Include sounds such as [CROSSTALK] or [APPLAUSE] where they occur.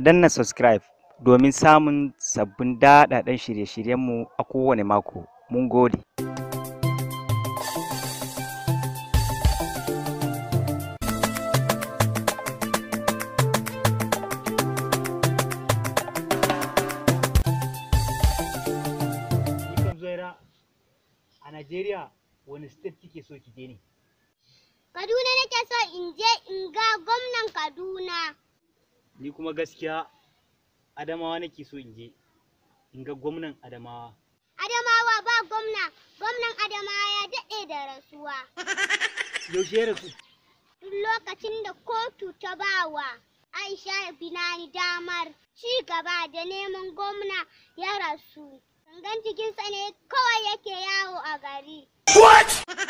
a danna subscribe domin samun sabbin daɗaɗɗen shirye-shiryenmu a kowane mako. Mun gode. a Najeriya wani state kike so ki je ne? Kaduna nake so in je in ga ni kuma gaskiya adamawa nake so in je in ga gwamnan adamawa adamawa ba gwamna gwamnan adamawa ya daɗe da rasuwa [LAUGHS] yaushe rasu duk lokacin da kotu ta bawa aisha ya binani damar ci gaba da neman gwamna ya rasu gangan cikinsa ne kawai yake yawo a gari What? [LAUGHS]